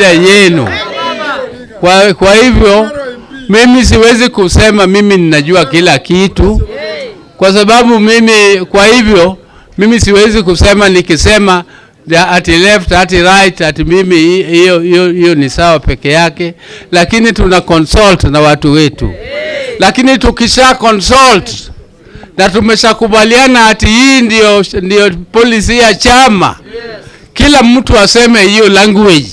yenu kwa, kwa hivyo mimi siwezi kusema mimi ninajua kila kitu, kwa sababu mimi, kwa hivyo mimi siwezi kusema nikisema at left ati right at mimi hiyo hiyo ni sawa peke yake, lakini tuna consult na watu wetu, lakini tukisha consult na tumeshakubaliana ati hii ndio, ndio policy ya chama, kila mtu aseme hiyo language.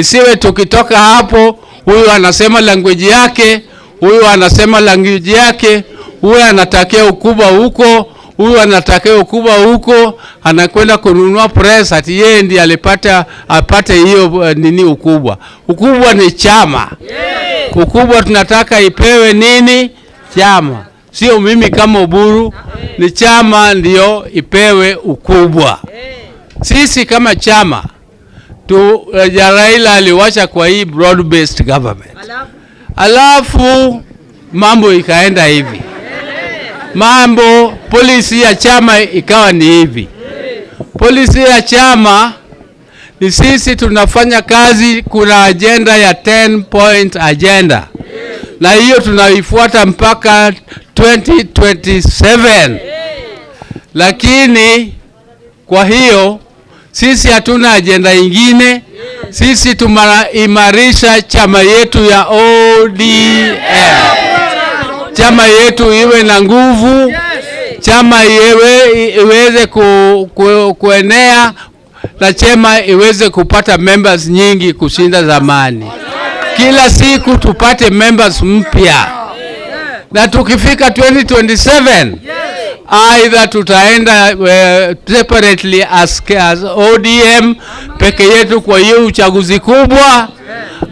Isiwe tukitoka hapo, huyu anasema language yake, huyu anasema language yake, huyu anatakia ukubwa huko, huyu anatakia ukubwa huko, anakwenda kununua press ati yeye ndiye alipata apate hiyo eh, nini ukubwa. Ukubwa ni chama. Ukubwa tunataka ipewe nini? Chama. Sio mimi kama Oburu, ni chama ndiyo ipewe ukubwa. Sisi kama chama tu, eh, Raila aliwacha kwa hii broad based government, alafu mambo ikaenda hivi, mambo polisi ya chama ikawa ni hivi. Polisi ya chama ni sisi tunafanya kazi, kuna ajenda ya 10 point agenda na hiyo tunaifuata mpaka 2027 lakini kwa hiyo sisi hatuna ajenda ingine, sisi tumaimarisha chama yetu ya ODM, chama yetu iwe na nguvu, chama iwe iweze ku, ku, kuenea na chama iweze kupata members nyingi kushinda zamani. Kila siku tupate members mpya, na tukifika 2027 aidha tutaenda uh, separately as, as ODM peke yetu kwa hiyo uchaguzi kubwa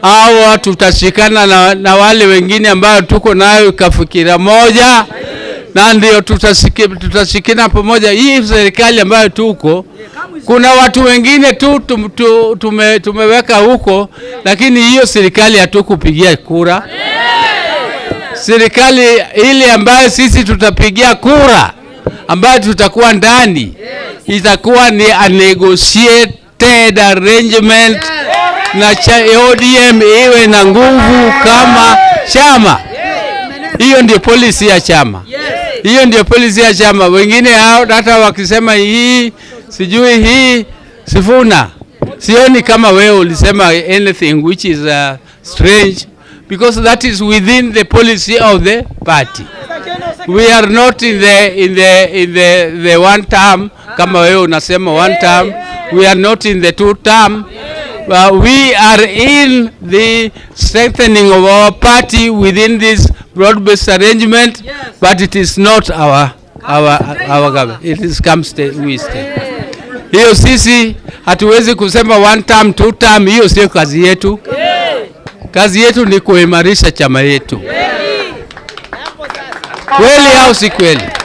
au tutashikana na, na wale wengine ambao tuko nayo kafikira moja na ndio tutashikina pamoja. Hii serikali ambayo tuko, kuna watu wengine tu tum, tum, tume, tumeweka huko, lakini hiyo serikali hatukupigia kura. Serikali ile ambayo sisi tutapigia kura ambayo tutakuwa ndani itakuwa ni a negotiated arrangement na ODM iwe na nguvu kama chama. Hiyo ndio policy ya chama, hiyo ndio polisi ya chama. Wengine hao hata wakisema hii sijui hii sifuna, sioni kama wewe ulisema anything which is uh, strange because that is within the policy of the party we are not in the, in the, in the, the one term kama wewe unasema one term, we are not in the two term Uh, we are in the strengthening of our party within this broad-based arrangement yes. But it is not our our our government. It is come stay we stay Hiyo sisi hatuwezi kusema one term two term, hiyo sio kazi yetu. Kazi yetu ni kuimarisha chama yetu. Coelho e Alce Coelho.